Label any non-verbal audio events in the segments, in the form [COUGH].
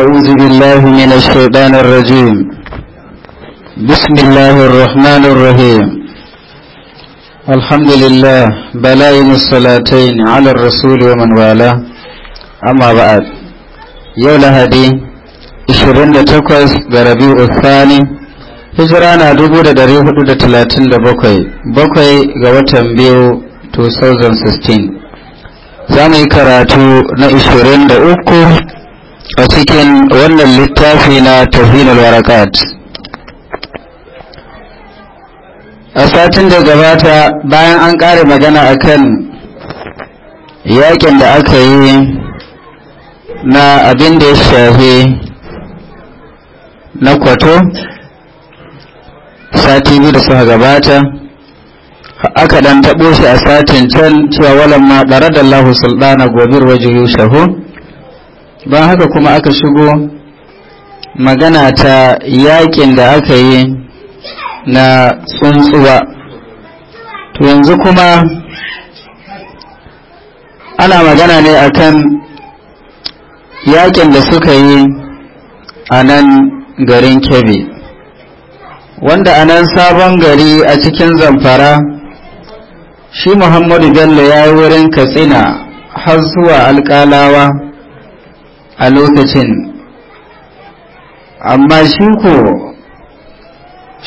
أعوذ بالله من الشيطان الرجيم بسم الله الرحمن الرحيم الحمد لله بلائم الصلاتين على الرسول ومن والاه أما بعد يولا هدي إشرين 28 الثاني هجران Thani hijira حدود تلاتين لبوكي بوكي watan biyu 2016 za كراتو نا إشرين لأوكو a cikin wannan littafi na tawhinul warakat a satin da gabata bayan an kare magana akan yakin da aka yi na abin da ya shafi na kwato sati biyu da suka gabata aka dan taɓo shi a satin can cewa walamma ɗarar da Allah sultana gobir waje shahu Ban haka kuma aka shigo magana ta yakin da aka yi na tsuntsuwa to yanzu kuma ana magana ne akan yakin da suka yi a nan garin Kebbi. wanda a nan sabon gari a cikin zamfara shi muhammadu bello ya yi wurin katsina har zuwa alƙalawa. a lokacin amma shi ko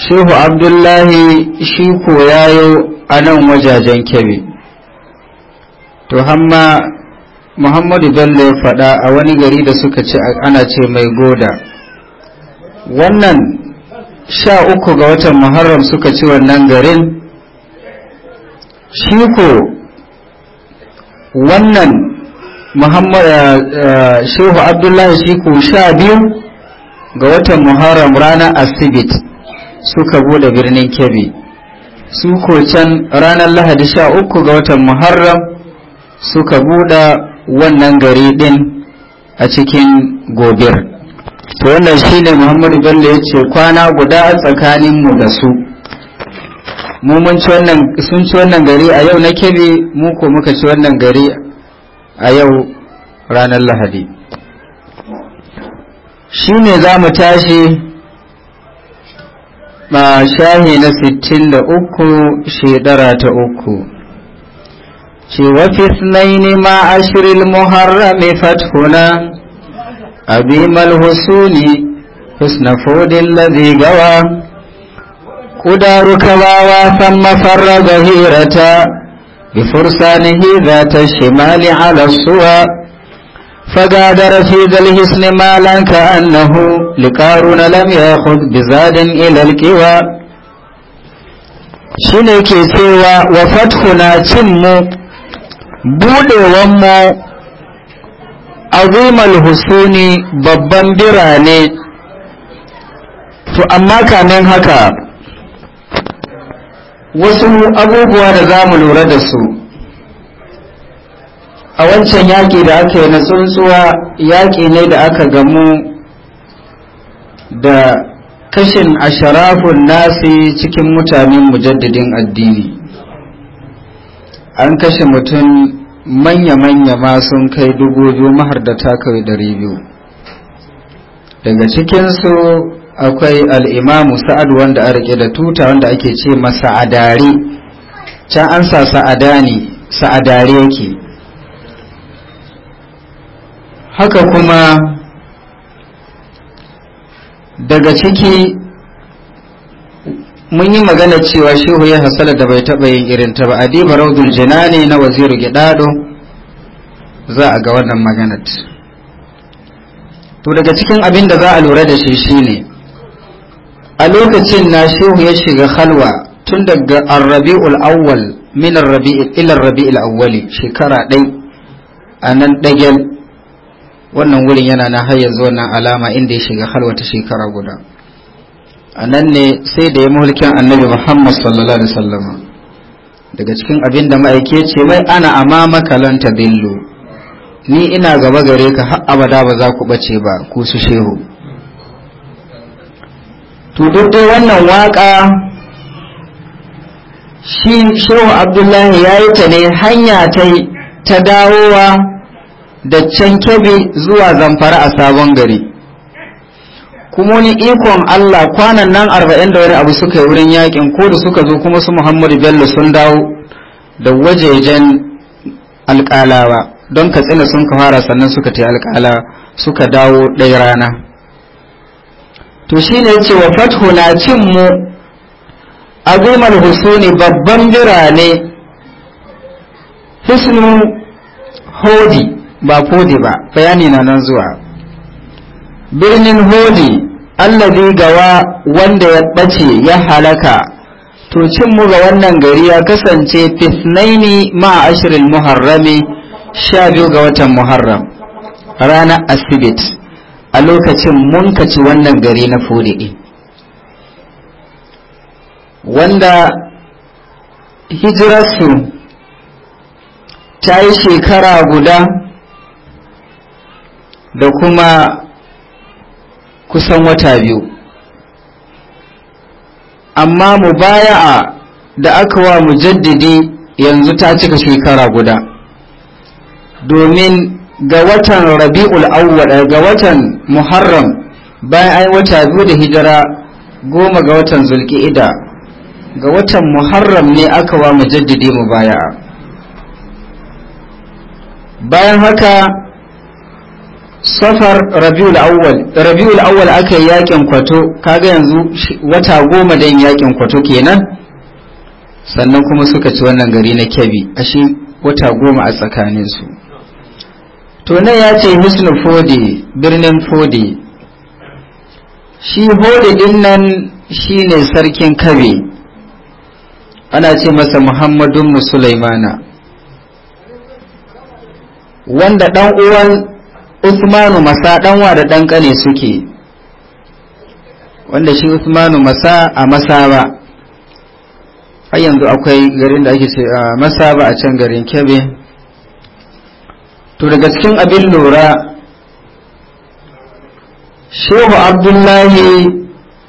shehu abdullahi shi ko yayo a nan wajajen kebe to hamma muhammadu bello ya faɗa a wani gari da suka ce ana ce mai goda wannan sha uku ga watan muharram suka ci wannan garin shi ko wannan muhammad eh, eh, shehu abdullahi shi ko sha biyu ga watan muharram ranar asibit suka bude birnin kebbi su ko can ranar lahadi sha uku ga watan muharram suka bude wannan gari din a cikin gobir to wannan shine muhammadu bello ya ce kwana guda tsakaninmu da su mun ci wannan sun ci wannan gari a yau na Kebbi muku muka ci wannan gari a yau ranar lahadi shi ne za mu tashi ma shahi na sittin da uku shedara ta uku ce wafi tsanaini ma ashirin muharrami fathuna abimal husuni husna fodin lazi gawa san mafarra zahirata بفرسانه ذات الشمال على الصوى فغادر في ذا الحسن مالا كأنه لقارون لم يأخذ بزاد إلى الكوى shine ke cewa wa fathuna cinmu budewanmu azimal husuni babban birane to amma kamin haka wasu abubuwa da za mu lura da su a wancan yaƙi da aka yi na tsuntsuwa yaƙi ne da aka gamu da kashin asharafun nasi cikin mutanen mujaddadin addini an kashe mutum manya-manya ma sun kai dubu biyu mahar da takawai dari biyu daga cikinsu akwai al'imamu sa'ad wanda a rike da tuta wanda ake ce masa adari can an sa sa'ada ne sa'adare yake haka kuma daga ciki mun yi magana cewa shehu ya hasala da bai taɓa yin irin ta ba adiba raudun jinani na waziru gidado za a ga wannan magana to daga cikin abin da za a lura da shi shine a lokacin na shehu ya shiga halwa tun daga arrabi'ul awwal min arrabi'il ila arrabi'il awwali shekara ɗai a nan wannan wurin yana na har yanzu wannan alama inda ya shiga halwa ta shekara guda a nan ne sai da ya mulkin annabi muhammad sallallahu alaihi wasallam daga cikin abin da ma'aike ce mai ana amama makalanta billu ni ina gaba gare ka har abada ba za ku bace ba ku su shehu to duk dai wannan waka shi shehu abdullahi ya yi ta ne hanya ta dawowa da can kebe zuwa zamfara a sabon gari kuma wani ikon Allah kwanan nan arba'in da wani abu suka yi wurin yakin ko da suka zo kuma su Muhammadu Bello sun dawo da wajejen alƙalawa don katsina sun ka fara sannan suka ta alkala suka dawo ɗaya rana to shine ce wa fathu na cin mu azumar husuni babban birane husnu hodi ba kodi ba bayani na nan zuwa birnin hodi allazi gawa wanda ya ɓace ya halaka to cin mu ga wannan gari ya kasance fitnaini ma ashirin muharrami sha biyu ga watan muharram Rana asibit a lokacin munkaci wannan gari na fudi'i wanda hijirarsu ta yi shekara guda da kuma kusan wata biyu amma mu baya a da aka wa mu mujaddidi yanzu ta cika shekara guda domin ga watan rabi'ul awwal eh, ga watan muharram bayan ai wata biyu da hijira goma ga watan zulqa'ida ga watan muharram ne aka wa mujaddidi baya? bayan haka safar rabi'ul awwal rabi'ul awwal aka yi yakin kwato kaga yanzu wata goma da yakin kwato kenan sannan kuma suka ci wannan gari na kyabi ashe wata goma a tsakaninsu to nan ya ce mislu fodi birnin fodi shi hodi din nan shi ne sarkin kabe ana ce masa muhammadun musulaimana wanda dan uwan usmanu masa danwa da dan suke wanda shi usmanu masa a Masaba a har yanzu akwai garin da ake ce a masaba a can garin kebe to daga cikin abin lura shehu abdullahi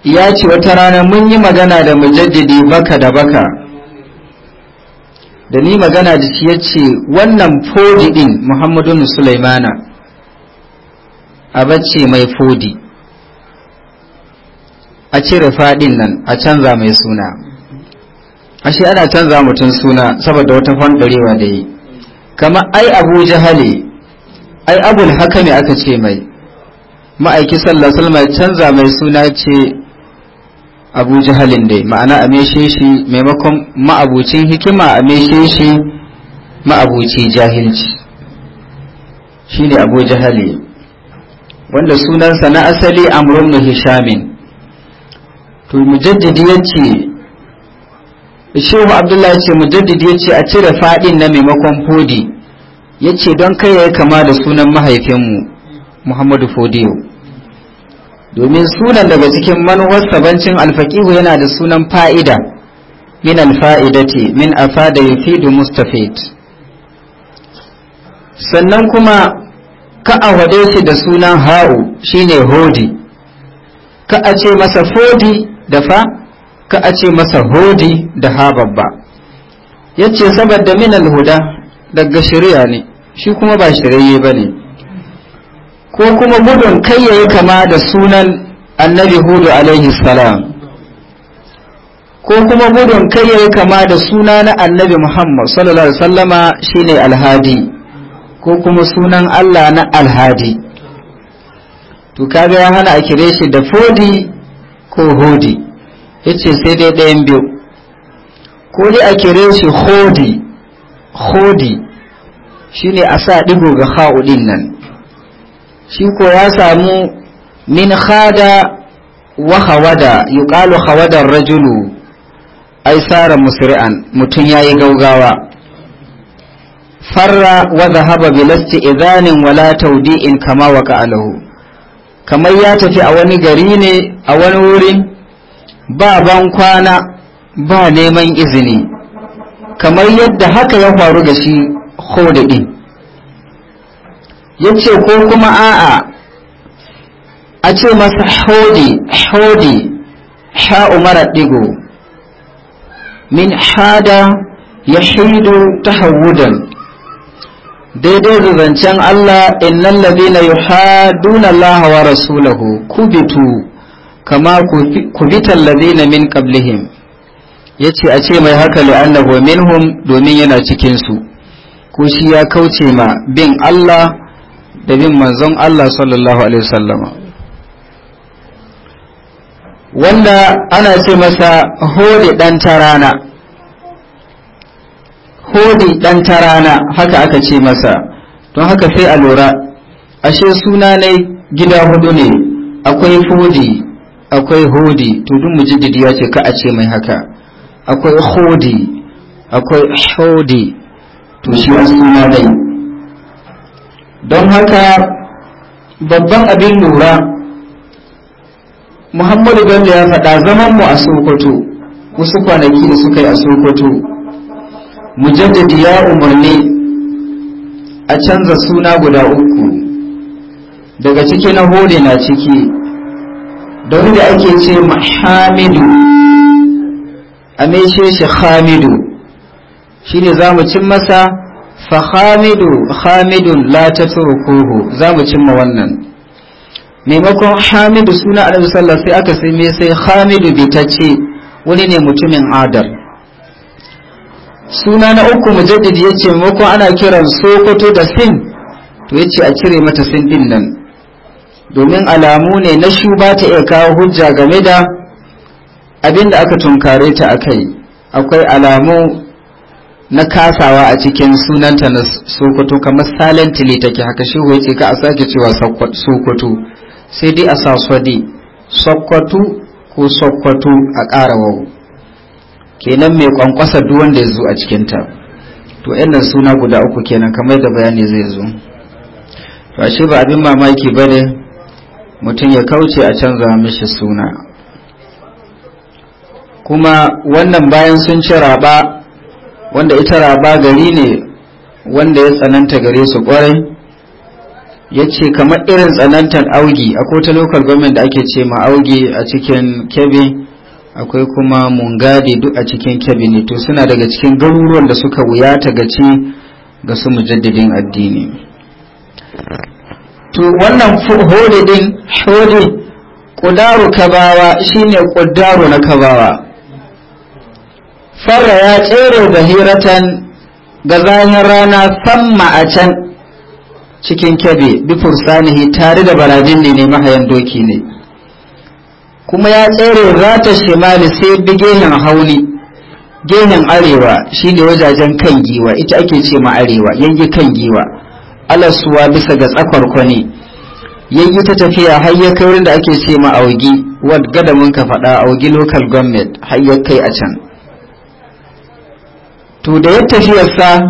ya ce wata rana mun yi magana da mujaddidi baka da baka da ni magana da shi ya ce wannan fodi din Muhammadu sulaimana abacce mai fodi a cire fadin nan a canza mai suna ashe ana canza mutum suna saboda wata fanɗarewa da yi kama ai abu jahali ai abul ne aka ce mai ma'aiki sallallahu wasallam canza mai suna ce abu jahalin dai ma'ana ameshe shi maimakon ma'abucin hikima ameshe meshe shi ma'abuci jahilci shine abu jahali wanda sunansa na asali amrun hishamin to mujaddidi yace shehu abdullahi ce mujaddid ya ce a cire fadin na maimakon fodi ya ce don kai ya kama da sunan mahaifinmu muhammadu fodiyo domin sunan daga cikin manuwar sabancin alfaƙihu yana da sunan fa'ida min alfa'idati min afada yufidu mustafid sannan kuma ka a shi da sunan ha'u shine hodi ka a ce masa fodi da fa ka a ce masa hodi da hababba ya ce saboda minal huda daga shari'a ne shi kuma ba shirye ba ne ko kuma gudun kai ya yi kama da sunan annabi hudu alaihi salam ko kuma gudun kai ya yi kama da suna na annabi muhammad sallallahu alaihi sallama ne alhadi ko kuma sunan allah na alhadi to kaga ya hana a kire shi da fodi ko hodi yace sai dai ɗayan biyu ko dai a kire shi hodi hodi shine a sa digo ga ha'udin nan shi ko ya samu min khada wa hawada yuqalu hawada rajulu ai sara musri'an mutun yayi gaugawa farra wa zahaba bi lasti idanin wala tawdi'in kama waka alahu kamar ya tafi a wani gari ne a wani wurin ba ban kwana ba neman izini kamar yadda haka ya faru da shi hodadin ya ce ko kuma a'a a ce masa hodi hodi ha umara digo min hada ya hidu ta hawudan daidai da zancen Allah innal ladina yuhaduna Allah wa rasulahu kubitu kama kubitan ladina min qablihim yace a ce mai haka li'annahu minhum domin yana cikin su ko shi ya kauce ma bin Allah da bin manzon Allah sallallahu alaihi wasallama wanda ana ce masa hodi dan tarana hodi dan tarana haka aka ce masa don haka sai a lura ashe suna ne gida hudu ne akwai fodi akwai hudi to duk mujaddidi ya ce ka a ce mai haka akwai hudi akwai hudi to shi suna dai don haka babban abin lura muhammadu bello ya faɗa zaman mu a sokoto wasu kwanaki da suka yi a sokoto mujaddidi ya umarni a canza suna guda uku daga ciki na hode na ciki da wani da ake ce hamidu a ce shi hamidu shi ne za mu cin masa fa hamidu hamidun la ta turkuhu za mu cimma wannan maimakon hamidu suna a sallar sai aka sai mai sai hamidu ce wani ne mutumin adar suna na uku mujaddid ya ce maimakon ana kiran sokoto da sin to ya ce a cire mata sin din nan domin alamu ne na shuba ta iya kawo hujja game da abinda aka tunkare ta akai akwai alamu na kasawa a cikin sunanta na sokoto kamar silently take haka shi yake ka a sake cewa sokoto sai dai a sa dai sokoto ko sokoto a karawa kenan mai kwankwasa duk wanda ya zo a cikinta to ɗan suna guda uku kenan kamar da bayani zai zo to ashe ba abin mamaki bane mutum ya kauce a canza mishi suna kuma wannan bayan sun ci raba wanda ita raba gari ne wanda ya tsananta gare su kwarai ya ce kamar irin tsanantar augi akwai ta local government da ake ce ma augi a cikin kebe akwai kuma mungadi duk a cikin kebe ne to suna daga cikin garuruwan da suka wuya ta gaci ga su mujaddidin addini to wannan hode din hode kudaru kabawa shine kudaru na kabawa farra ya tsere hiratan ga zanen rana samma a can cikin kebe bifur sanihi tare da barajin ne mahayan doki ne kuma ya tsere za ta shimali sai bi gehen hauli gehen arewa shine wajajen kan giwa ita ake ce ma arewa yange kan giwa alasuwa bisa ga tsakar kwane yayi ta tafiya har ya kai wurin da ake ce ma augi wad mun ka fada augi local government har ya kai a can to da ya sa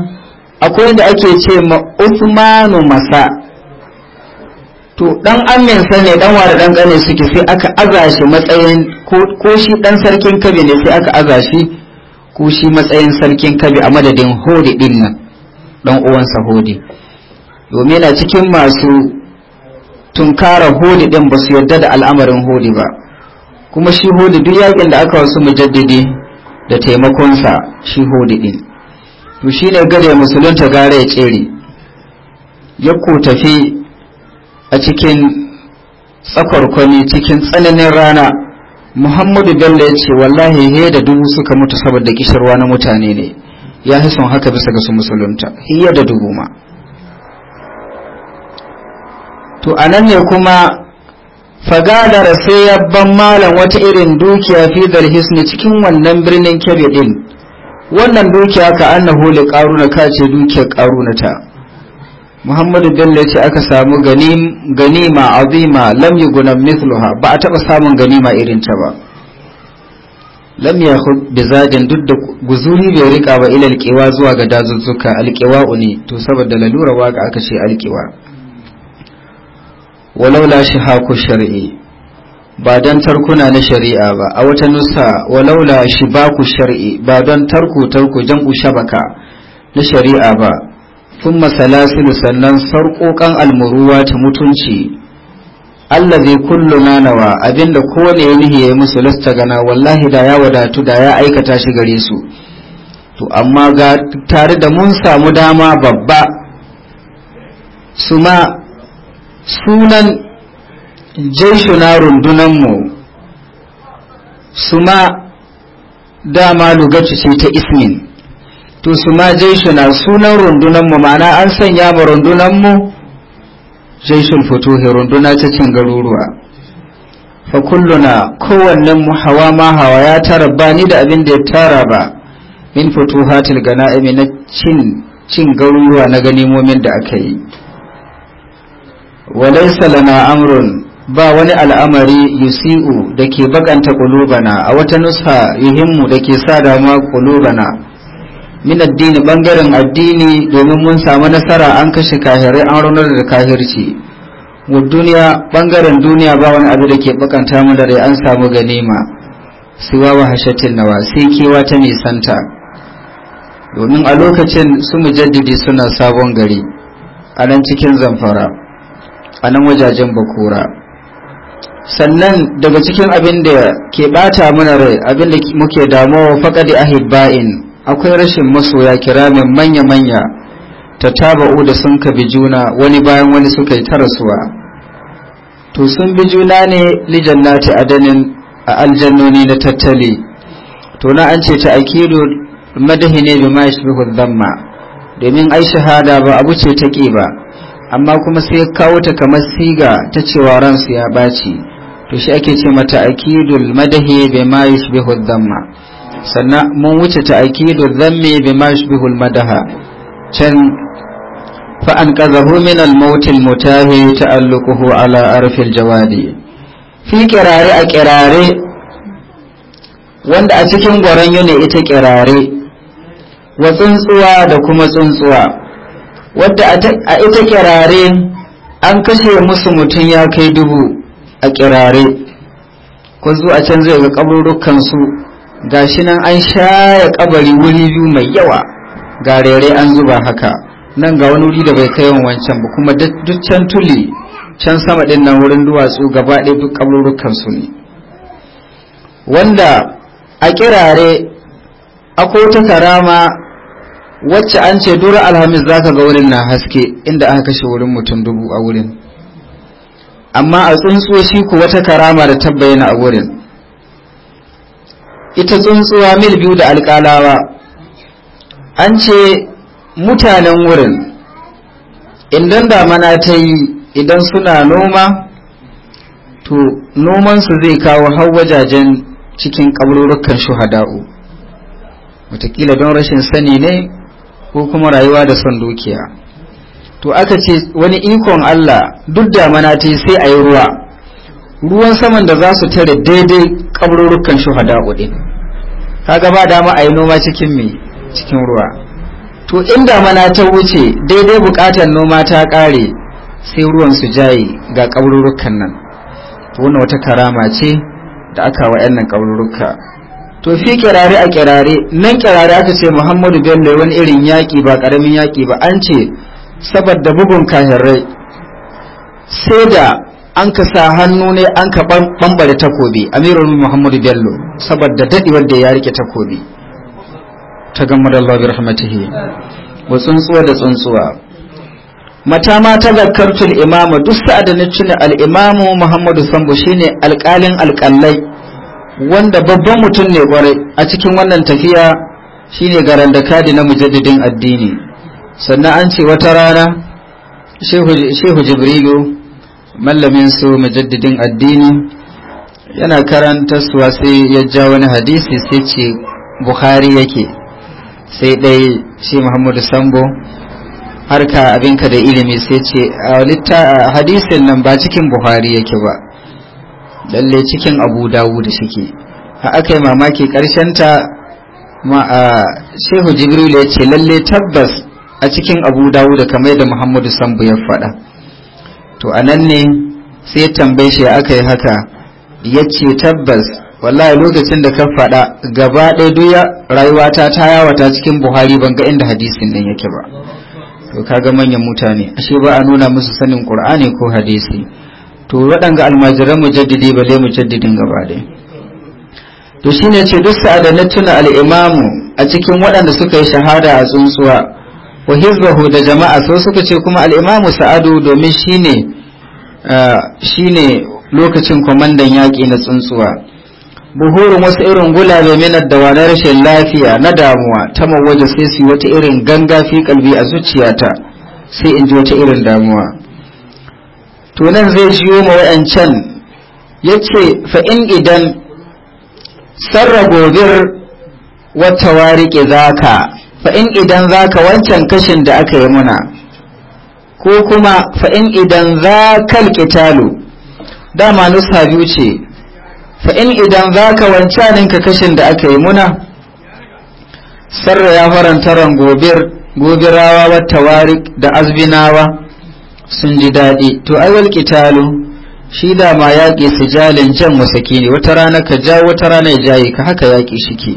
akwai da ake ce ma Uthmanu Masa to dan aminsa ne dan wara dan kane suke sai aka aza matsayin ko shi dan sarkin kabe ne sai aka azashi shi ko shi matsayin sarkin kabe a madadin hodi din nan dan uwansa hodi domin yana cikin masu tunkara hodi din ba su yarda da al'amarin hodi ba kuma shi hodi duk yakin da aka wasu mujaddidi da taimakonsa shi hodi din to shine ne gada musulunta gara ya tsere ya ku tafi a cikin tsakwarkwani cikin tsananin rana muhammadu bello ya ce wallahi he da dubu suka mutu saboda kishirwa na mutane ne ya fi haka bisa ga su musulunta hiyar da dubu ma to anan ne kuma fagada sai yabban malam wata irin dukiya fi dalhisni cikin wannan birnin kebe din wannan dukiya ka annahu li qaruna ka ce dukiya qaruna ta muhammadu bello ce aka samu ganima azima lam yuguna mithluha ba a taba samun ganima irin ta ba lam yakhud bizadin duk da guzuri bai rika ba ilal qiwa zuwa ga dazuzzuka alqiwa ne to saboda lalura waka aka ce alqiwa walaula haku shar'i ba don tarkuna na shari'a ba a wata nusa walaula baku shar'i ba don tarku tarku ku shabaka na shari'a ba sun masalasilu sannan sarƙoƙan almuruwa ta mutunci allazi kullu ma nawa abinda kowane ya nihi yi musu lasta gana wallahi da ya wadatu da ya aikata shi gare su to amma ga tare da mun samu dama babba su ma sunan jaishuna rundunanmu su ma dama lugaci ce ta ismin to su ma jaishuna sunan rundunanmu ma'ana an sanya mu rundunanmu jaishul futuhi runduna ta cin garuruwa fa kulluna kowannen mu hawa ma hawa ya tara ba ni da abin da ya tara ba min hatil gana'imi na cin cin garuruwa na ganimomin da aka yi walaisa na amrun ba wani al'amari yusi'u da ke bakanta kulubana a wata nusha yuhimmu da ke sa damuwa kulubana min addini bangaren addini domin mun samu nasara an kashe kahirai an raunar da kahirci wa duniya bangaren duniya ba wani abu da ke bakanta mu da an samu ganima siwa wa hashatin nawa sai kewa ta nisanta domin a lokacin su mujaddidi suna sabon gari a nan cikin zamfara a nan wajajen bakura sannan daga cikin abin da ke bata mana rai abin da muke damuwa faƙadi ahibba'in akwai rashin masoya kiramin manya-manya ta taba'u da sun ka bi juna wani bayan wani suka yi rasuwa. to sun bi juna ne lijannati adanin a aljannoni na tattali to na an ce ta akidu madahi ne bi ma ya shi domin ai shahada ba abu ce ta ba amma kuma sai ya kawo ta kamar siga ta cewa ransu ya baci to shi ake ce mata akidul madahi bi ma yushbihu dhamma sannan mun wuce ta akidul dhammi bi ma yushbihu madaha can fa an qazahu min al maut al mutahi ta'alluquhu ala arfil jawadi fi kirare a kirare wanda a cikin gwaron yana ita kirare wa tsuntsuwa da kuma tsuntsuwa wadda a ita kirare an kashe musu mutum ya kai dubu a kirare ko zuwa can zai ga kaburukansu gashi nan an shaya kabari wuri biyu mai yawa ga rere an zuba haka nan ga wani wuri da bai kai wancan ba kuma duk can tuli can sama din nan wurin duwatsu gaba ɗaya duk kaburukansu ne wanda a kirare akwai ta karama wacce an ce dura alhamis za ka ga wurin na haske inda aka kashe wurin mutum dubu a wurin amma a tsuntsoshi ku wata karama da tabbayana a wurin ita tsuntsuwa mil biyu da alƙalawa an ce mutanen wurin idan damana ta yi idan suna noma to nomansu zai kawo har wajajen cikin ƙabarurrukan shuhada'u Wataƙila don rashin sani ne ko kuma rayuwa da son dukiya to aka ce wani ikon Allah duk da mana sai a yi ruwa ruwan saman da za su tare daidai kabururukan shuhada ɗin kaga ba dama a yi noma cikin me cikin ruwa to inda mana ta wuce daidai bukatar noma ta ƙare sai ruwan su jaye ga kabururukan nan to wannan wata karama ce da aka wa 'yan nan kabururuka to fi kirare a kirare nan kirare aka ce muhammadu bello wani irin yaƙi ba ƙaramin yaƙi ba an ce saboda bugun kahirai sai da an ka sa hannu ne an ka bambare takobi amirul muhammadu bello saboda daɗi wanda ya rike takobi ta gama da Allah rahmatihi wa tsuntsuwa da tsuntsuwa mata ma ta zakartul imamu duk sa'ad da na cina al-imamu muhammadu sambo shine alƙalin alƙallai wanda babban mutum ne kwarai a cikin wannan tafiya shine garan da kadi na mujaddidin addini sannan an ce wata rana shehu jibrilu mallamin su mujaddidin addini yana karanta suwa sai ya ja wani hadisi sai ce bukhari yake sai dai shi muhammadu sambo harka abinka da ilimi sai ce a hadisin nan ba cikin buhari yake ba lalle cikin abu dawud suke a aka yi mamaki ta ma a shehu jibril ya ce lalle tabbas a cikin abu dawud kamar da muhammadu sambu ya faɗa to a nan ne sai ya tambaye shi aka yi haka ya ce tabbas wallahi lokacin da ka faɗa gaba ɗaya duya rayuwata ta yawata cikin buhari ban ga inda hadisin nan yake ba to kaga manyan mutane ashe ba a nuna musu sanin qur'ani ko hadisi to waɗanga almajiran mujaddidi bale mujaddidin gaba ɗaya to shine ce duk sa'ada na tuna al'imamu a cikin waɗanda suka yi shahada a tsuntsuwa wa hizbahu da jama'a so suka ce kuma al'imamu sa'adu domin shine shine lokacin kwamandan yaƙi na tsuntsuwa buhurin wasu irin gulabe minar da wani rashin lafiya na damuwa ta mawaje sai su yi wata irin gangafi kalbi a zuciyata sai in ji wata irin damuwa to nan zai jiyo ma wayancan yace fa in idan sarra gobir wata warike zaka fa in idan zaka wancan kashin da aka yi muna ko kuma fa in idan zakal qitalu dama nusa biyu ce fa in idan zaka wancanin ka kashin da aka yi muna sarra ya faranta ran gobir gobirawa wata warike da azbinawa sun ji daɗi to ai wal qitalu shi da ma yaƙi sijalin jan wasake ne wata rana ka ja wata rana ya jaye ka haka yaƙi ke.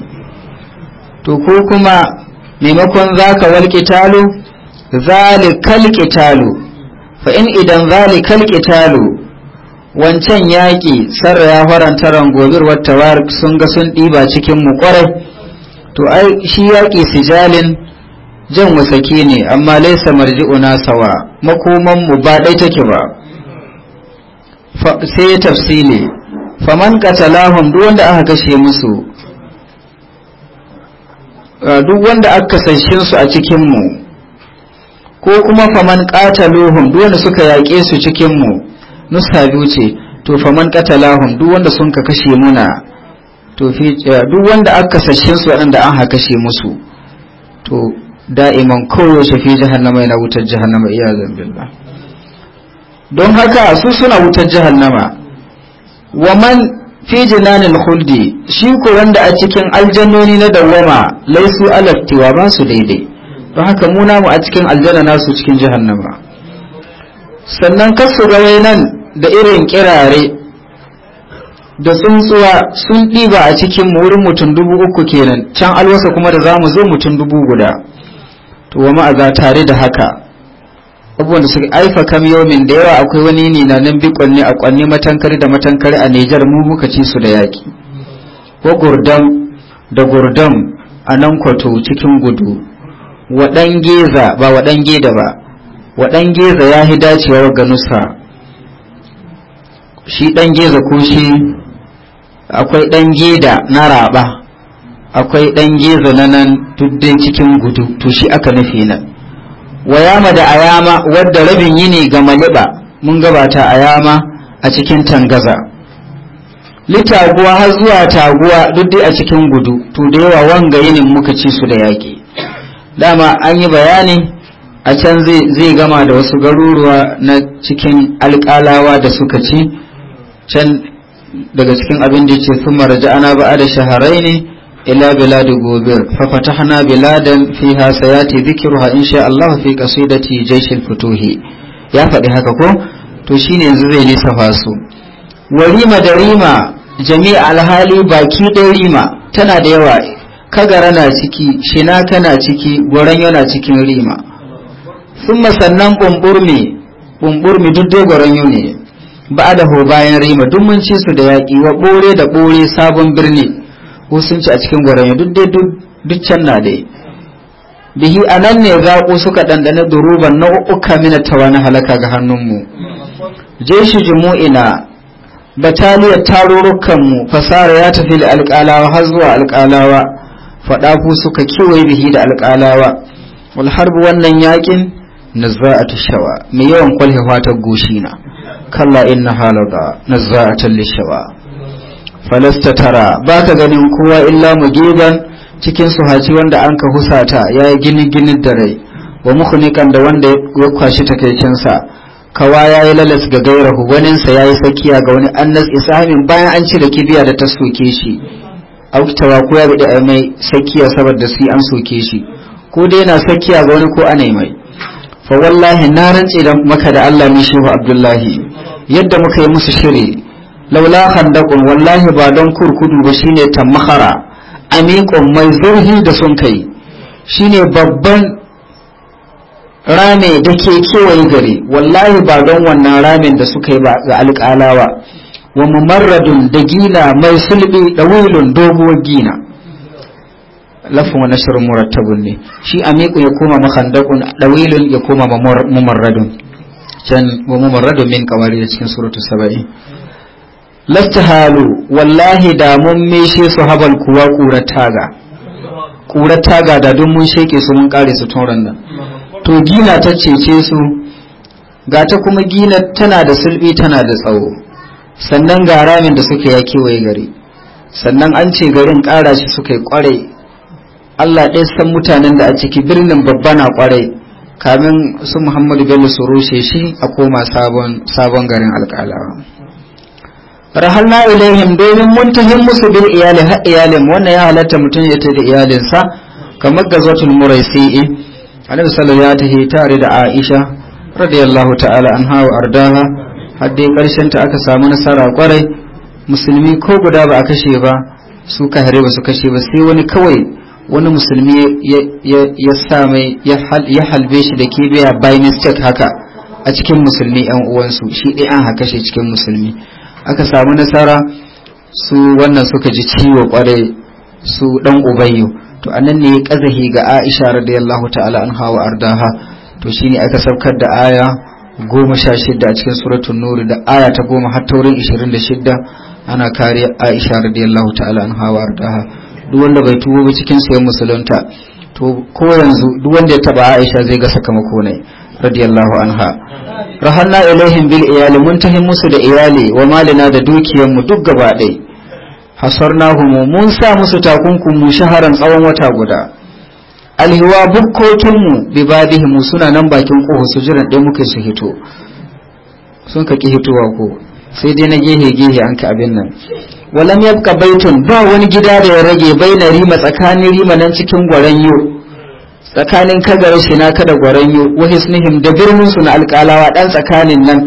to ko kuma maimakon zaka wal qitalu zalikal qitalu fa in idan zalikal qitalu wancan yaƙi sarra ya faranta rangobir wata sun ga sun ɗiba cikin mu ƙwarai to ai shi yaƙi sijalin jan wasaki ne amma laisa marji'una sawa makoman mu ba dai take ba sai tafsili faman qatalahum duk wanda aka kashe musu ah, duk wanda aka sanshin su a cikin mu ko kuma faman qataluhum duk wanda suka yaƙe su cikin mu nusa biyu ce to faman qatalahum duk wanda sun ka kashe muna to fi eh, duk wanda aka sanshin su waɗanda an haka kashe musu to da'iman koyaushe fi jahannama yana wutar jahannama iyazan billah don haka su suna wutar jahannama wa man fi jinanin huldi shi ko wanda a cikin aljannoni na dawwama laisu alaftiwa ba su daidai don haka mu a cikin aljanna nasu cikin jahannama sannan kasu nan da irin kirare da tsuntsuwa sun ɗiba a cikin wurin mutum dubu uku kenan can alwasa kuma da zamu zo mutum dubu guda to wa ma'aza tare da haka abubuwan da suka aifa kam da yawa akwai wani ne na nan bikon ne a kwanni matankari da matankari a Nijar mu muka ci su da yaki wa gurdam da gurdam a nan kwato cikin gudu waɗan geza ba waɗan geda ba waɗan geza ya hi dacewar ganusa shi ɗan geza ko shi akwai ɗan geda na raba akwai ɗan gezo na nan tuddin cikin gudu to shi aka nufi na wayama da ayama wadda rabin yini ga maliba mun gabata ayama a cikin tangaza litaguwa har zuwa taguwa duk a cikin gudu to da yawa wanga yinin muka ci su da yaƙi dama an yi bayani a can zai gama da wasu garuruwa na cikin alƙalawa da suka ci can daga cikin abin da ce sun maraja ana ba'a da shaharai ne إلى بلاد غوبر ففتحنا بلادا فيها سياتي ذكرها إن شاء الله في قصيدة جيش الفتوح يا فدي هكاكو to shine yanzu zai lissafa su warima da rima jami'a alhali baki ɗaya rima tana da yawa kagara na ciki shinaka na ciki gwaran yana cikin rima sun sannan ƙumburmi ƙumburmi duk dai gwaran ne ba da bayan rima duk mun ci su da yaƙi wa ɓore da ɓore sabon birni ko sun ci a cikin gwaranya duk dai duk can na dai bihi anan ne ne zaƙo suka ɗanɗana duruban uka mina ta wani halaka ga hannunmu jeshi jumu'ina bataliyar mu fasara ya tafi da alƙalawa har zuwa alƙalawa ku suka kewaye bihi da alƙalawa harbu wannan yaƙin nazza'atu shawa mai yawan kulhi ta goshi na kalla inna halaga nazza'atan lishawa falasta tara ba ka ganin kowa illa mugiban cikin suhaci wanda an ka husata ya yi gini ginin da rai wa kan da wanda ya kwashi takaicinsa kawa ya yi lalas ga gairahu waninsa ya yi sakiya ga wani annas isahamin bayan an cire kibiya da ta soke shi auktawa ko ya bude mai sakiya saboda sai an soke shi ko dai yana sakiya ga wani ko anai mai fa wallahi na rantse da maka da Allah ni shehu Abdullahi yadda muka yi musu shiri laula khandaqun wallahi ba don kurkudu ba shine tamakhara amikon mai zurhi da sun kai shine babban rame da ke kewaye gari wallahi ba don wannan ramen da suka yi ba ga alƙalawa wa mumarradun da gina mai sulbi da wilun doguwar gina lafin wani shirin murattabun ne shi amiku ya koma makandakun da wilun ya koma mumarradun can wa mumarradun min kamar cikin suratu saba'in Lasta halu wallahi da mun meshe su habal kuwa ƙurar taga ƙurar taga da don mun sheke su mun kare su tun nan to gina ta cece su ta kuma gina tana da sulbi tana da tsawo sannan ga ramin da suka yake kewaye gari sannan an ce garin kara shi suka yi kware allah ɗaya san mutanen da a ciki birnin babba na kware kamin su muhammadu bello su rushe shi a koma sabon garin alƙalawa rahalna ilaihim domin mun tahin musu bil iyali ha iyalin wannan ya halatta mutum ya da iyalinsa kamar gazatul muraisi'i annabi sallallahu alaihi tare da Aisha radiyallahu ta'ala anha wa ardaha har karshen ta aka samu nasara kwarai musulmi ko guda ba a kashe ba su ka hare ba su kashe ba sai wani kawai wani musulmi ya sa mai ya halbe shi da kibiya by mistake haka a cikin musulmi yan uwansu shi dai an haka shi cikin musulmi aka samu nasara su wannan suka ji ciwo kwarai su dan ubayyu to anan ne kazahi ga Aisha radiyallahu ta'ala anha wa ardaha to shine aka saukar da aya goma sha shidda a cikin suratul nuri da aya ta goma har taurin ishirin ana kare aisha radiyallahu ta'ala anha wa ardaha duk wanda bai tuwo ba cikin sayan musulunta to ko yanzu duk wanda ya taba aisha zai ga sakamako ne radiyallahu anha rahanna ilaihim bil iyali mun tahi musu da iyali wa malina da mu duk gaba ɗai hasarnahumu mun sa musu takunkumu shaharan tsawon wata guda alhiwa bukkokinmu bi mu suna nan bakin ƙoho su jiran ɗaya muke su hito sun ka hitowa ko sai dai na gehe gehe an ka abin nan walam yabka baitun ba wani gida da ya rage bai na rima tsakanin rima nan cikin gwaran yau tsakanin kagare shi na kada gwaranyo wa hisnihim da birnin su na alƙalawa dan tsakanin nan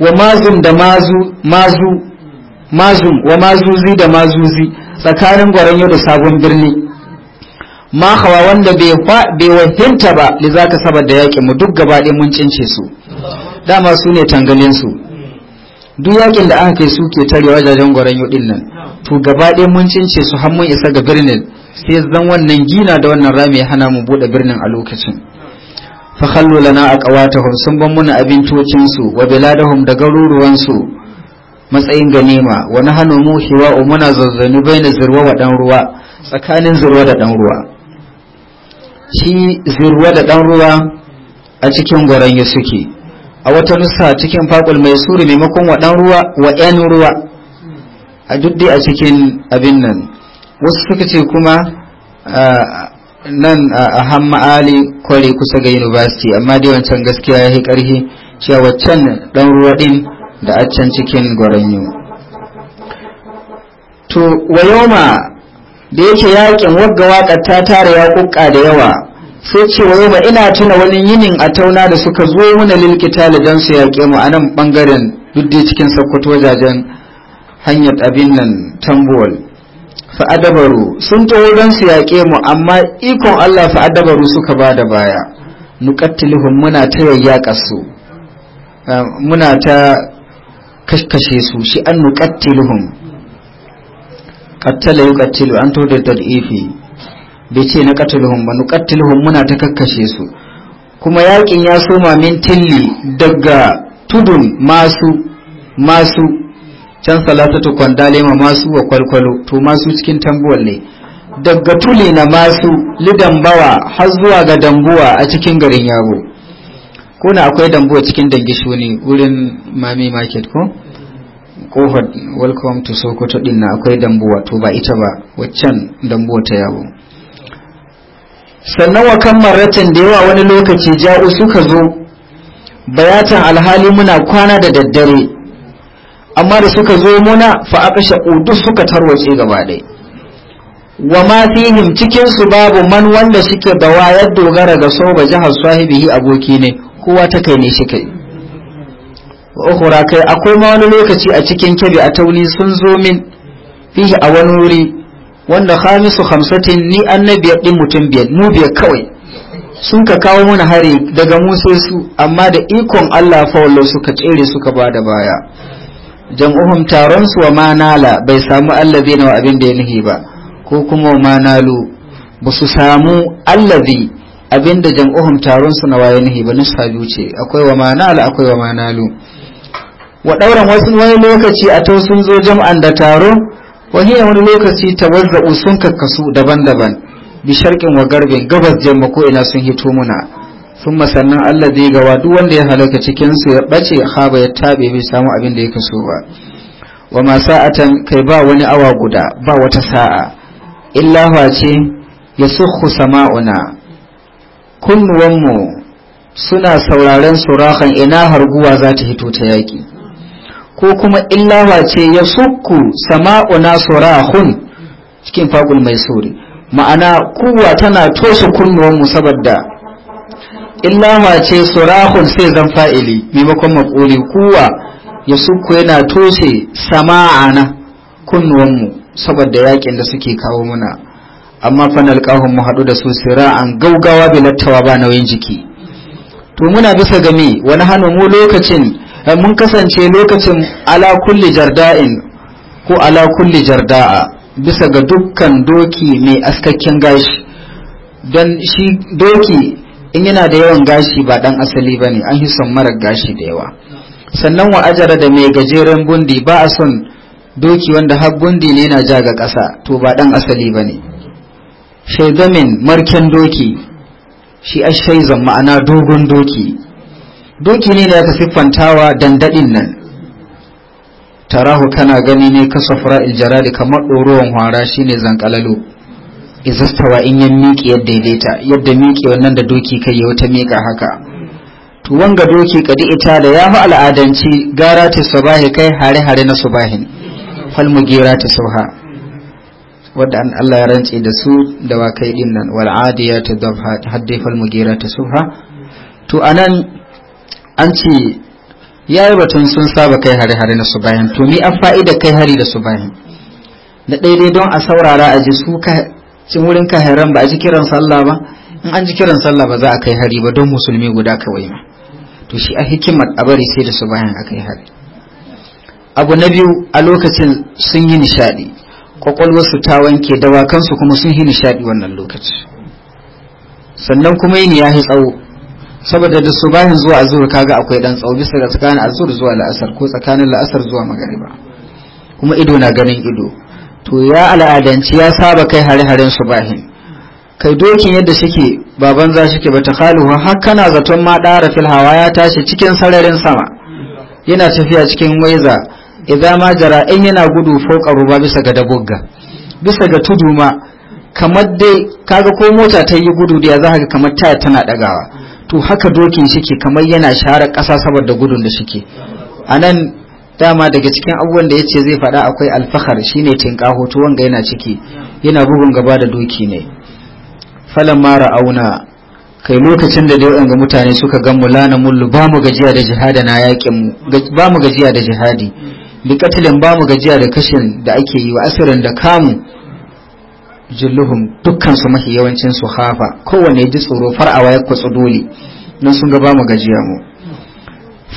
wa mazum da mazu mazu mazum wa mazuzi da mazuzi tsakanin gwaranyo da sabon birni ma hawa wanda bai wahinta ba li zaka saboda yakin mu duk gaba mun cince su dama su ne tangalin su duk yaƙin da aka kai su ke tare wajajen gwaranyo ɗin nan to gaba mun cince su har mun isa ga birnin sai zan wannan gina da wannan rami ya hana mu buɗe birnin a lokacin Fa khallu lana aqwatahum sun ban muna abincocin su wa biladahum da garuruwan su matsayin ganima wa nahanu mu hiwa umuna zazzani baina zirwa wa dan ruwa tsakanin zirwa da dan ruwa shi zirwa da dan ruwa a cikin goran ya suke a wata nusa cikin fakul mai suri maimakon wa dan ruwa wa yan ruwa a duk dai a cikin abin nan wasu suka ce kuma nan a hamma ali kware kusa ga university amma da wancan gaskiya ya yi karhi cewa waccan dan ruwa din da a can cikin gwaranyo to wayoma da yake yakin wagga wakar ta tara ya kuka da yawa sai ce wayoma ina tuna wani yinin a tauna da suka zo muna da don su yaƙe mu a nan bangaren duk dai cikin sakkwato wajajen hanyar abin nan tambuwal fa'adabaru sun taho don su yaƙe mu amma ikon Allah fa'adabaru suka ba da baya nuqattiluhum muna ta yayyaka su ah, muna ta kashkashe su shi an nuqattiluhum qattala yuqattilu an to da tadifi bai ce na qataluhum ba nuqattiluhum muna ta kakkashe su kuma yakin ya soma min daga tudun masu masu can salatatu kwandale ma masu wa kwalkwalo to masu cikin tambuwal ne daga tuli na masu lidambawa har zuwa ga dambuwa a cikin garin yago ko na akwai dambuwa cikin dangishu ne wurin mami market ko kofar welcome to sokoto din na akwai dambuwa to ba ita ba waccan dambuwa ta yago sannan wa kan maratan da yawa wani lokaci ja'u suka zo bayatan alhali muna kwana da daddare amma da suka zo muna fa aqsha duk suka tarwace gaba ɗaya wa ma fihim cikin su babu man wanda suke da wayar dogara ga soba jihar sahibihi aboki ne kowa ta kai ne shi kai wa ukhra kai akwai ma wani lokaci a cikin kabi a tauni sun zo min fihi a wani wuri wanda khamisu khamsatin ni ya din mutum biyar mu biyar kawai sun ka kawo mana hari daga mu su amma da ikon Allah fa wallo suka tsere suka bada baya jam'uhum taron su wa ma nala bai samu allazi na abin da ya nihi ba ko kuma wa ma nalu ba su samu allazi abin da jam'uhum taron su na waye nihi ba nisfa biyu ce akwai wa ma nala akwai wa ma nalu wa dauran wasu wani lokaci a to sun zo jam'an da taro wa hiya wani lokaci tawazza'u sun kakkasu daban-daban bi sharqin wa garbin gabas jamma ko ina sun hito muna sun sannan Allah zai gawa duk wanda ya cikin cikinsu ya bace haba ya tabe bai samu abin da ya so ba wa ma sa'atan kai ba wani awa guda ba wata sa'a illawa ce yasukhu sama'una sama'una kunnuwanmu suna sauraren surahan ina harguwa za ta hito ta yaki? ko kuma illawa ce ya sama'una surahun cikin fagul mai suri ma'ana kuwa tana tosa kunnuwanmu saboda illa mace surahun sai zan fa'ili maimakon maƙuli kuwa ya suku yana sama'a na kunnuwanmu saboda yakin da suke kawo muna amma fanal kahun mu haɗu da su sira'an gaugawa lattawa ba nauyin jiki to muna bisa game wani hannu mu lokacin eh, mun kasance lokacin ala kulli jarda'in ko ala kulli jarda'a bisa ga dukkan doki mai askakken gashi don shi doki in yana da yawan gashi ba dan asali bane an yi son marar gashi da yawa sannan wa ajara da mai gajeren bundi ba a son doki wanda har bundi ne yana ja ga ƙasa to ba dan asali bane. ne marken doki shi ashaizan ma'ana dogon doki doki ne da aka siffantawa dandadin nan tarahu kana gani ne ka safra iljaradi kamar ɗorowan hwara shine zankalalo izastawa in ya miƙe yadda daidaita yadda miƙe wannan da doki kai ya wata miƙa haka to wanga doki kadi ita da ya fi al'adanci gara ta subahi kai hare-hare na subahin mu gera ta sauha wadda an Allah ya rance da su da wa kai din nan wal adiya ta haddi haddai mu gera ta sauha to anan an ce yayi batun sun saba kai hare-hare na subahin to mi an fa'ida kai hari da subahin da daidai don a saurara a ji su Cin wurin kahiran ba a ji kiran sallah ba in an ji kiran sallah ba za a kai hari ba don musulmi guda kawai ma to shi a hikimar a bari sai da su bayan a kai hari abu na biyu a lokacin sun yi nishadi kwakwalwarsu ta wanke dawakansu kuma sun yi nishaɗi wannan lokaci sannan kuma yini ya yi tsawo saboda da su bayan zuwa azur kaga akwai dan tsawo bisa ga tsakanin azur zuwa la'asar ko tsakanin la'asar zuwa magariba kuma ido na ganin ido to ya al'adanci ya saba kai hare-haren su bahin kai dokin yadda suke baban za suke ba ta kaluwa har kana zaton ma ɗara filhawa ya tashi cikin sararin sama yana tafiya cikin waiza idan ma jara in yana gudu foka ruba bisa ga dagogga bisa ga tudu ma kamar dai kaga ko mota ta yi gudu da za ka kamar taya tana dagawa to haka dokin shike kamar yana share kasa saboda gudun da a nan. dama daga cikin abubuwan da ya ce zai faɗa akwai alfahar shine tinka hoto wanga yana ciki yana bugun gaba da doki ne falan mara auna kai lokacin da dai ga mutane suka ga mu lana mullu ba mu gajiya da jihada na yakin mu ba mu gajiya da jihadi bi katilin ba mu gajiya da kashin da ake yi wa asirin da kamu jilluhum dukkan su mahi yawancin su hafa kowanne ji tsoro far'awa ya kwatsu dole nan sun ga ba mu gajiya mu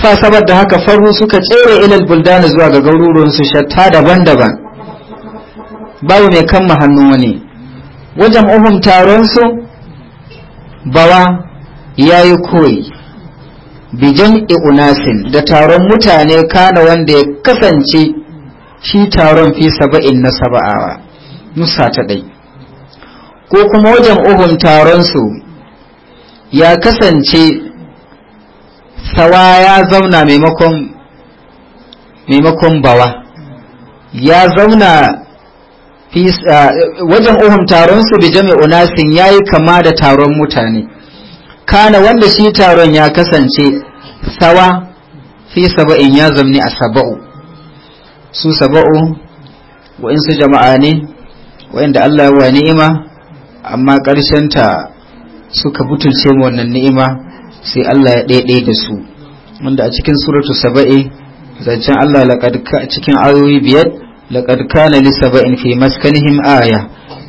fa da haka faru suka tsere ilal buldani zuwa ga garuruwan su shatta daban-daban babu mai kama hannu wani wajen uhum taron su bawa yayi koyi bijan iunasin da taron mutane kana wanda ya kasance shi taron fi saba'in na saba'awa musa ta ɗai ko kuma wajen uhum taron su ya kasance sawa ya zauna maimakon bawa ya zauna wajen uhum taron su bi jami'u nasin yayi kama da taron mutane kana wanda shi taron ya kasance sawa fi saba'in ya zamni a saba'u su saba'u su jama'a ne wa'inda Allah wa ni'ima amma karshen ta suka butulce mu wannan ni'ima sai Allah ya daidai da su wanda a cikin suratu saba'i zancen Allah cikin ayoyi biyar laƙad kana li saba'in fi maskanihim aya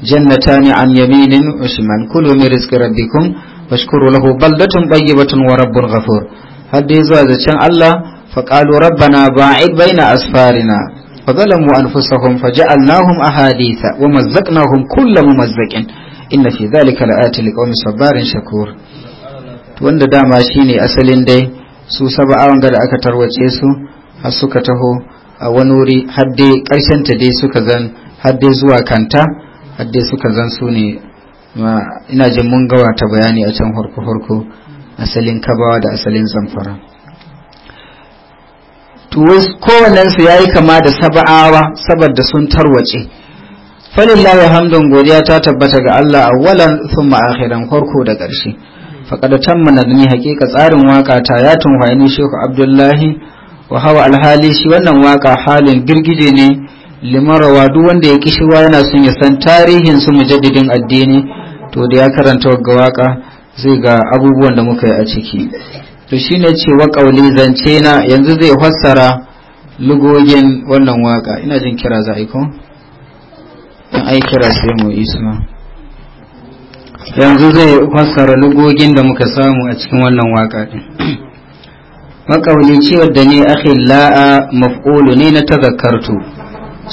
jannatani an yaminin usman kulu min rizqi rabbikum washkuru lahu baldatun tayyibatun wa rabbun ghafur har dai zuwa zancen Allah faqalu rabbana ba'id baina asfarina فظلموا أنفسهم فجعلناهم أحاديث ومزقناهم كل ممزق إن في ذلك لآت لقوم صبار shakur. wanda dama shine asalin dai su saba'awan ga da aka tarwace su har suka taho a wani wuri hadde karshen ta dai suka zan hadde zuwa kanta hadde suka zan su ne ina jin mun gawa ta bayani a can horko horko asalin kabawa da asalin zamfara su ya yi kama da saba'awa saboda sun tarwace falillahi hamdun godiya ta tabbata ga Allah awwalan thumma akhiran horko da ƙarshe faƙada tamma na ni haƙiƙa tsarin waƙa ta ya ni shehu abdullahi wa hawa alhali shi wannan waƙa halin girgije ne limarawa duk wanda ya kishiwa yana son ya san tarihin su mujaddidin addini to da ya karanta ga waƙa zai ga abubuwan da muka yi a ciki to shi ce wa ƙauli zance na yanzu zai fassara lugogin wannan waƙa ina jin kira za a yi ko? ai kira sai mu isma yanzu zai fassara lugogin da muka samu a cikin wannan waka din makauli cewar da ne akhi la'a maf'ulu ne na tazakkartu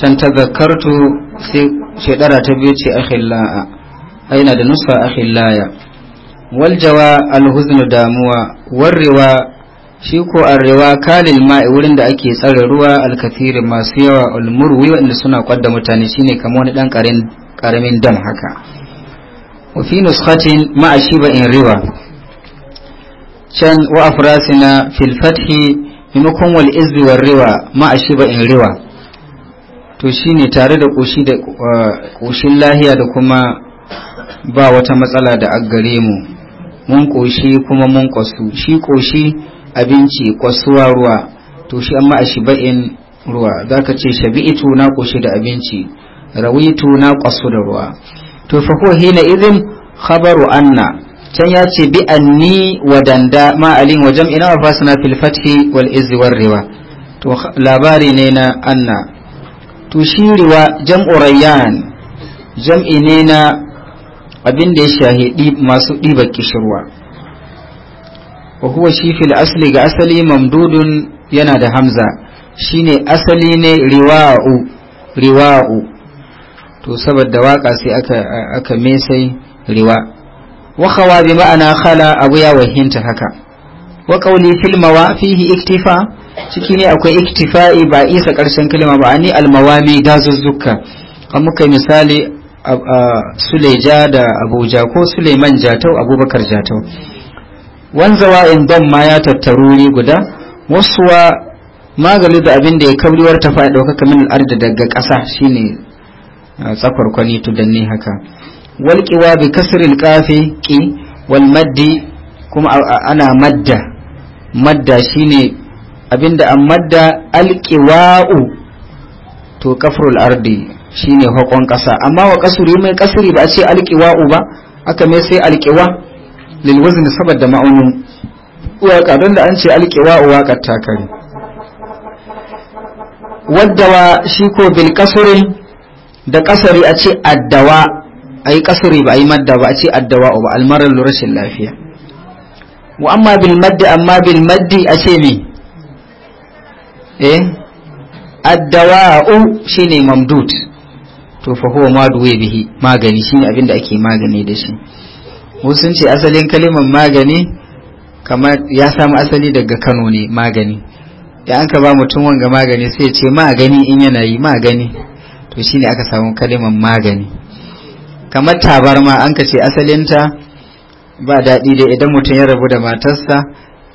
can tazakkartu sai shedara ta biyu ce akhi la'a aina da nusfa akhi laya waljawa alhuznu damuwa warrewa shi ko arrewa kalil ma'i wurin da ake tsare ruwa alkafiri masu yawa ulmurwi wanda suna kwadda mutane shine kamar wani dan karamin dam haka وفي نسخة مع شبع ربا شان وأفراسنا في الفتح منكم والإزب والربا مع شبع ربا to shine tare da ƙoshi da uh, lahiya da kuma ba wata matsala da a gare mu mun ƙoshi kuma mun kwasu shi koshi abinci kwasuwa ruwa to shi amma a shiba'in ruwa za ka ce shabi'itu na ƙoshi da abinci rawitu na kwasu da ruwa to fa ko hina idin khabaru anna can ya ce bi anni wa danda ma alin wa jam'ina wa fasna fil fathi wal izzi war riwa to labari ne na anna to shi riwa jam'u rayyan jam'i ne na abin da ya shahidi masu ɗiba kishirwa wa huwa shi fil asli ga asali mamdudun yana da hamza shine asali ne riwa'u riwa'u to saboda waka sai aka aka mesai riwa wa khawa bi ma'ana khala abu ya wahinta haka wa qawli fil mawafihi iktifa ciki ne akwai iktifa'i ba isa karshen kalma ba ani al mawami dazuzzuka kan muka misali suleja da abuja ko suleiman jatau abubakar jatau wanzawa in ma ya tattaru ni guda wasuwa magali da abin ya kauri ta faɗa ɗaukaka min al'arda daga kasa shine tsakwarkwani tudanni haka walƙiwa bi kasril kafi ki wal maddi kuma ana madda madda shine abinda an madda alƙiwa'u to kafrul ardi shine hakon ƙasa amma wa kasuri mai kasuri ba a ce alƙiwa'u ba aka mai sai alƙiwa lil saboda ma'aunin waka don da an ce alƙiwa'u waƙar takari wadda wa shi ko bil kasurin da kasari a ce addawa a yi kasari ba a yi madda ba a ce addawa ba almarar lurashin lafiya wa amma bil maddi amma bil maddi a ce mi eh shi ne mamdud to fa huwa maduwe bihi magani shine abinda ake magani da shi wasu ce asalin kalimar magani kamar ya samu asali daga Kano ne magani da an ka ba mutum wanga magani sai ce magani in yana yi magani to shine aka samu kalimar magani kamar tabarma an ka ce asalinta ba daɗi da idan mutum ya rabu da matarsa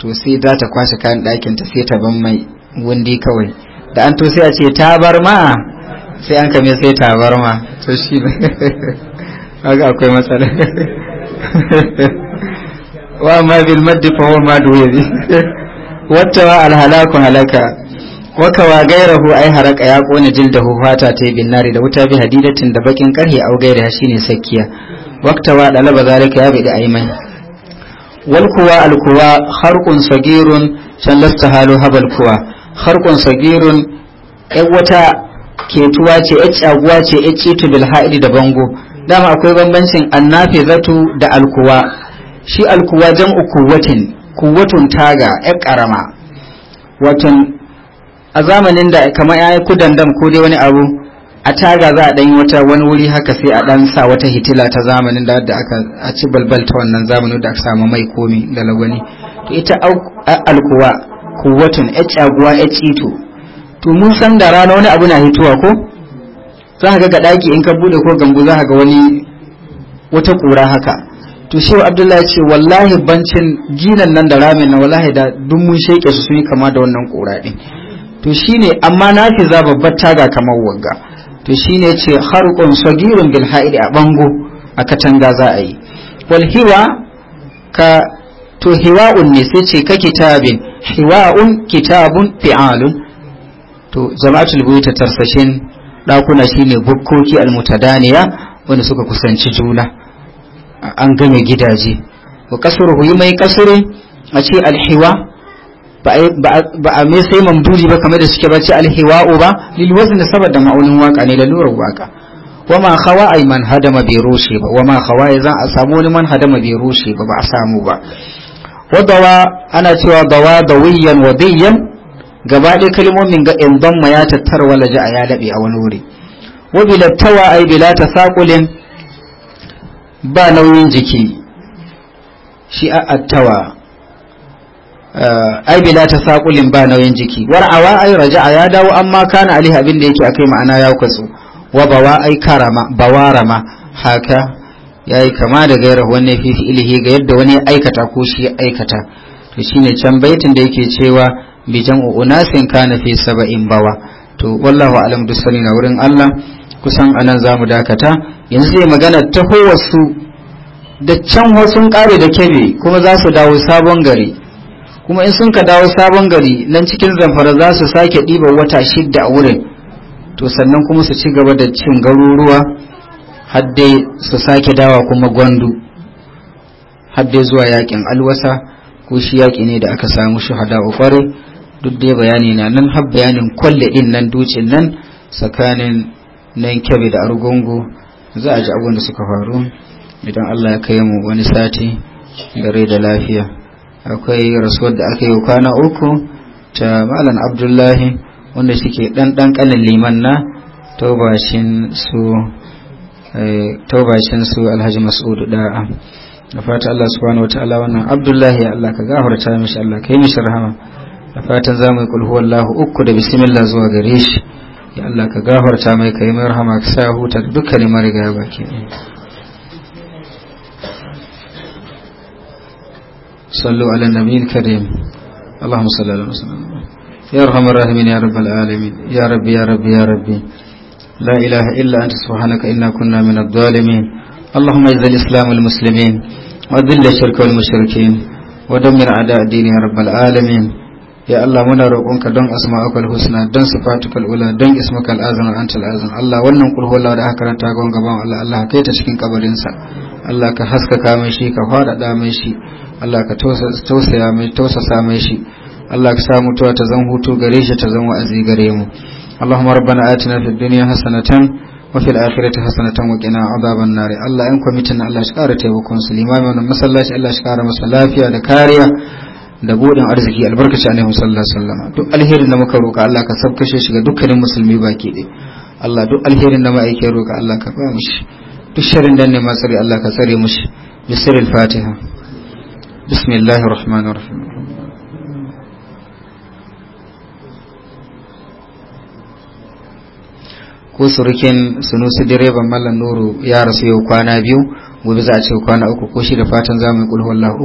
to sai za ta kwashe kayan ɗakinta sai ta ban mai wundi kawai da an to sai a ce tabarma sai an kame sai tabarma to shi ne [LAUGHS] haka akwai matsala [LAUGHS] wa ma bil maddi fa huwa ma duwe [LAUGHS] wata wa alhalaku halaka wakawa gairahu ai haraka ya kone jildahu fata ta yi binnari da wuta bi hadidatin da bakin karhe au gaira ne sakkiya waktawa dalaba zalika ya bi da aimai wal kuwa al sagirun san lasta halu habal kuwa Harkun sagirun ai wata ketuwa ce ai caguwa ce ai citu bil haidi da bango dama akwai bambancin annafizatu da alkuwa shi alkuwa jam'u kuwatin kuwatun taga ai karama watan a zamanin da kamar ya yi kudandam ko dai wani abu a taga za a ɗanyi wata wani wuri haka sai a ɗan sa wata hitila ta zamanin da aka a ci balbal ta wannan zamanin da aka samu mai komi da lagwani to ita alkuwa kuwatun ya caguwa ya cito to mun san da rana wani abu na hituwa ko za ka ga ɗaki in ka bude ko gambu za ka ga wani wata ƙura haka to shehu abdullahi ce wallahi bancin ginan nan da ramin na wallahi da duk mun sheke su sun yi kama da wannan ƙura ɗin to shine amma za babbar taga kamar wagga to shine ce harqun sagirun bil haidi a bango a katanga za a yi wal hiwa ka to hiwa'un ne sai ce ka kitabin hiwa'un kitabun fi'alun to jama'atul buyuta tarsashin dakuna shine bukkoki almutadaniya wanda suka kusanci juna an gane gidaje wa kasuru yi mai a ce alhiwa ba a mai sai mamdudi ba kamar da suke bace alhiwa'u ba lil wazn saboda ma'aunin waka ne lalurar waka wama hawa ai man hadama bai rushe ba wama hawa ya za a samu wani man hadama bai rushe ba ba a samu ba wadawa ana cewa dawa wa wadiyan gaba ɗaya kalmomin ga in ma ya tattara wala a ya laɓe a wani wuri wa bilattawa ai bilata ta saƙulin ba nauyin jiki shi a attawa ai bila ta saƙulin ba nauyin jiki war war'awa ai raja'a ya dawo amma kana alih abin da yake akai ma'ana ya kwatsu wa bawa ai karama bawarama haka yayi kama da gairar wani fi ilihi ga yadda wani aikata ko shi aikata to shine can baitin da yake cewa bi jam'u unasin kana fi saba'in bawa to wallahu alam bisani na wurin Allah kusan anan zamu dakata yanzu zai magana ta wasu da can wasu kare da kebe kuma za su dawo sabon gari kuma in sun ka dawo sabon gari nan cikin zamfara za su sake ɗiba wata shidda a wurin to sannan kuma su ci gaba da cin garuruwa haddai su sake dawa kuma gwandu haddai zuwa yakin alwasa ko shi yaki ne da aka samu hada ƙware duk dai bayani na nan har bayanin kwalle din nan ducin nan tsakanin nan kyabe da argungu za a ji abun da suka faru idan allah ya kai mu wani sati gare da lafiya akwai rasuwar da aka yi kwana uku ta malam abdullahi wanda suke dan dan kalin liman na eh, taubashin su alhaji mas'udu da'a da fata Allah subhanahu wataala wannan abdullahi Allah ka gafarta mishi Allah ka yi mishi rahama da fatan za mu yi kulhu Lahu uku da bismillah zuwa gare shi ya Allah ka gafarta mai ka yi mai rahama ka sa hutar dukkanin marigaya baki صلوا على النبي الكريم اللهم صل على وسلم يا ارحم الراحمين يا رب العالمين يا ربي يا ربي يا ربي لا اله الا انت سبحانك انا كنا من الظالمين اللهم اعز الاسلام والمسلمين واذل الشرك والمشركين ودمر اعداء الدين يا رب العالمين ya Allah muna roƙonka don asma'ukal husna don sifatukal ula don ismukal azan antal azan Allah wannan kulhu Allah da aka karanta gon gaban Allah Allah kai ta cikin kabarinsa Allah ka haskaka mai shi ka faɗaɗa mai shi Allah ka tausaya mai tausasa mai shi Allah ka sa mutuwa ta zan hutu gare shi ta zan wa'azi gare mu Allahumma rabbana atina fid dunya hasanatan fil akhirati hasanatan qina adhaban nar Allah ‘yan kwamitin Allah shi ƙara taimakon su limami wannan masallaci Allah shi ƙara masa lafiya da kariya da buɗin arziki albarkaci a nahun sallallahu wasallam duk alherin da muka roƙa Allah ka sabkashe shi ga dukkanin musulmi baki ɗaya Allah duk alherin da ma'aikin roka Allah ka ba mu shi duk shirin dan neman tsare Allah ka tsare mushi bisiril fatiha bismillahir rahmanir rahim ko surukin sunusi direban mallan nuru ya rasu yau kwana biyu gobe za a ce kwana uku ko shi da fatan zamu yi kulhu wallahu